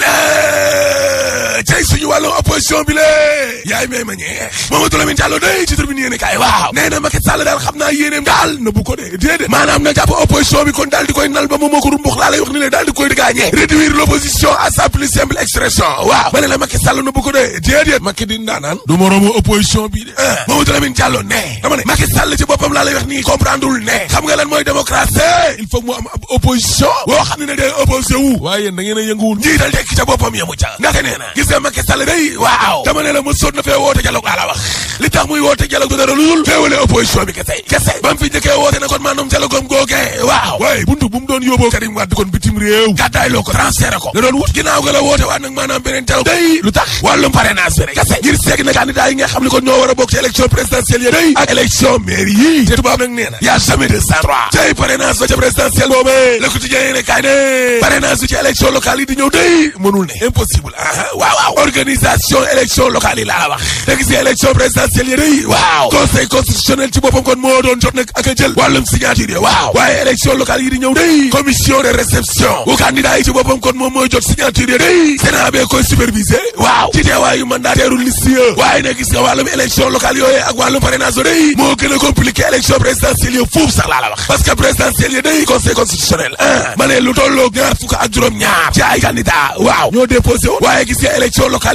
have. wàllu opposition bi lée yaay may ma ñeex Mamadou Lamine Diallo day ci daal xam naa yéeneem daal na bu ko maanaam na jàpp opposition bi kon daal di koy nal ba moom moo ko laa lay wax ni le daal di koy dëgaañee réduire l'opposition à sa expression waaw ma la Macky Sall na bu ko dee déedéet Macky di ndaanaan du moroomu opposition bi de ah. Mamadou Lamine Diallo ne dama ne Macky Sall ci boppam laa lay wax nii comprendreul ne xam nga lan mooy démocratie il faut a Sall day waaw dama ne la mu sot na fee woote dialogue laa la wax li tax muy woote dialogue du dara lu dul féewale opposition bi kese kese ba mu fi njëkkee woote na kon maanaam dialogue am googee waaw waaye buntu bu mu doon yóbboo Karim Wade kon bitim réew gàddaay loo ko transféré ko la doon wut ginnaaw ga la woote waat nag maanaam beneen dialogue day lu tax wàllum parrainage bi rek kese ngir seeg na candidat nga xam ne kon ñoo war a bokk ci élection présidentielle organisation élection locale yi laa la wax te gis nga élection présidentielle yi day waaw conseil constitutionnel ci boppam kon moo doon jot nag ak a jël wàllum signature yi waaw waaye élection locale yi di ñëw day commission de réception bu candidat yi ci boppam kon moom mooy jot signature yi day sénat bee supervisé waaw ci teewaayu mandataire liste waaye nag gis nga wàllum élection ak wàllum parrainage day moo gën a compliqué élection présidentielle yi sax laa wax parce que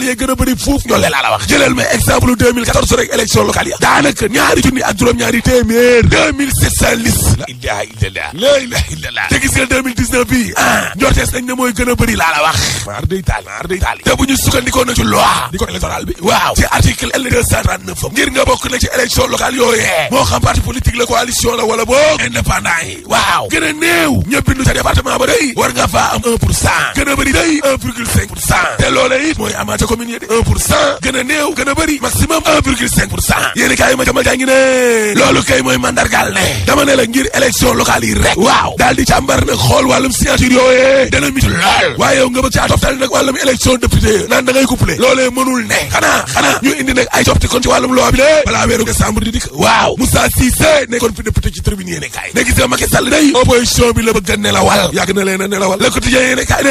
yee gën a bëri fuuf ñolle laa la wax jëlal ma exemple 2014 rek te gis nga 2019 ah, njortees nañ ne mooy gën a bëri laa la wax te bu ñu sukkandikoo na ci loi ci article ngir nga bokk nag ci élection locale yooyee moo xam parti politique la coalition la wala boog indépendant yi waaw gën a néew ñëpp ca département ba day war nga faa am gën a bëri day te loolee it mooy amaat communes yi de un pour cent gën a néew gën a bëri maximum un virgule cinq pour cent yéeni kaay ma jamal jaa ngi ne loolu kay mooy mandargaal ne dama ne la ngir élection locale yi rek waaw daal di càmbar nag xool wàllum signature yooyee dana mitu lool waaye yow nga ba caa toftal nag wàllum élection député naan da ngay couplé loolee mënul ne xanaa xanaa ñu indi nag ay copti kon ci wàllum loi bi balaa weeru décembre di dikk waaw Moussa Cissé nekkoon fi député ci tribune yéene ne gis nga Macky Sall day opposition bi la bëgg a nelawal yàgg a nelawal le quotidien yéene kaay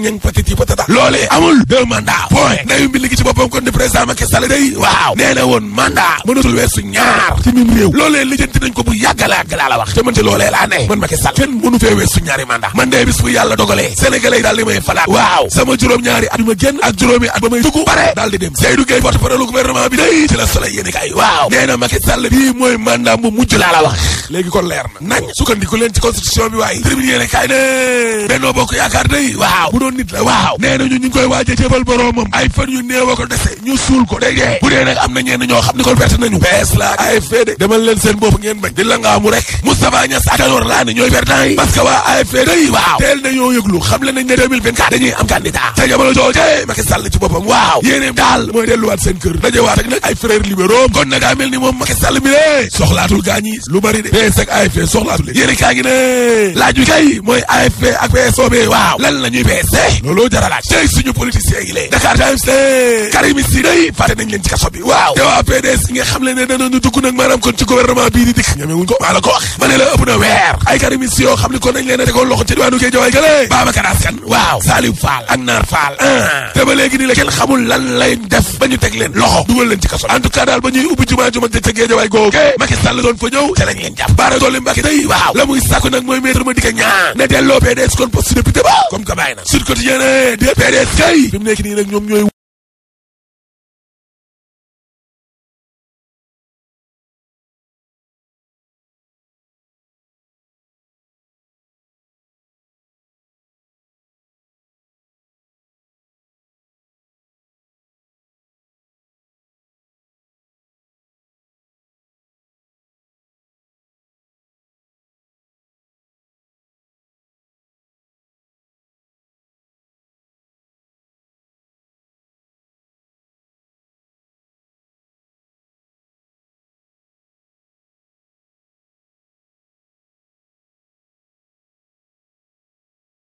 ñang patiti patata loolee amul deux mandats point ndayu mbi ligi ci boppam kon di président Macky Sall day waaw nee na woon mandat mënatul weesu ñaar ci mim réew loolee lijjanti nañ ko bu yàgg la yàgg laa la wax te man ci loolee laa ne man Macky Sall kenn mënu fee weesu ñaari mandat man dee bis bu yàlla dogalee sénégalais yi daal may falaat waaw sama juróom-ñaari at génn ak juróomi at ba may dugg pare daal dem Seydou Gueye porte-parole gouvernement bi day noonu nit la waaw nee nañu ñu ngi a waaje jëfal boroomam ay fan yu néew a ko dese ñu suul ko day bu dee nag am na ñenn ñoo xam ni kon perte nañu pees la AFP de demal leen seen bopp ngeen bañ di la nga amu rek Moustapha Niass ak Tanor laa ñooy perdant yi parce que waa AFP day waaw teel nañoo yëglu xam le nañ ne 2024 dañuy am candidat ci boppam waaw yéeneem daal mooy delluwaat seen kër dajewaat ak nag ay frères libéraux kon nag daa ni moom Macky Sall mi laajte looloo jar a laaj tey suñu yi lee Dakar Times ne Karim si day nañ leen ci kaso bi waaw te waa PDS yi xam le ne danañu dugg nag maanaam kon ci gouvernement bii di dikk ñamewuñ ko maa la ko ma ne la ëpp na weer ay Karim si yoo xam ne kon nañ leen a tegoon loxo ci diwaanu Géej Waay gëlee Babacar Assane waaw Salif Fall ak Naar Fall ah. te ba léegi nii la kenn xamul lan lay def ba ñu teg leen loxo dugal leen ci kaso en tout ba ñuy ubbi quotidien ne DPDS kay fi mu nekk nii nag ñoom ñooy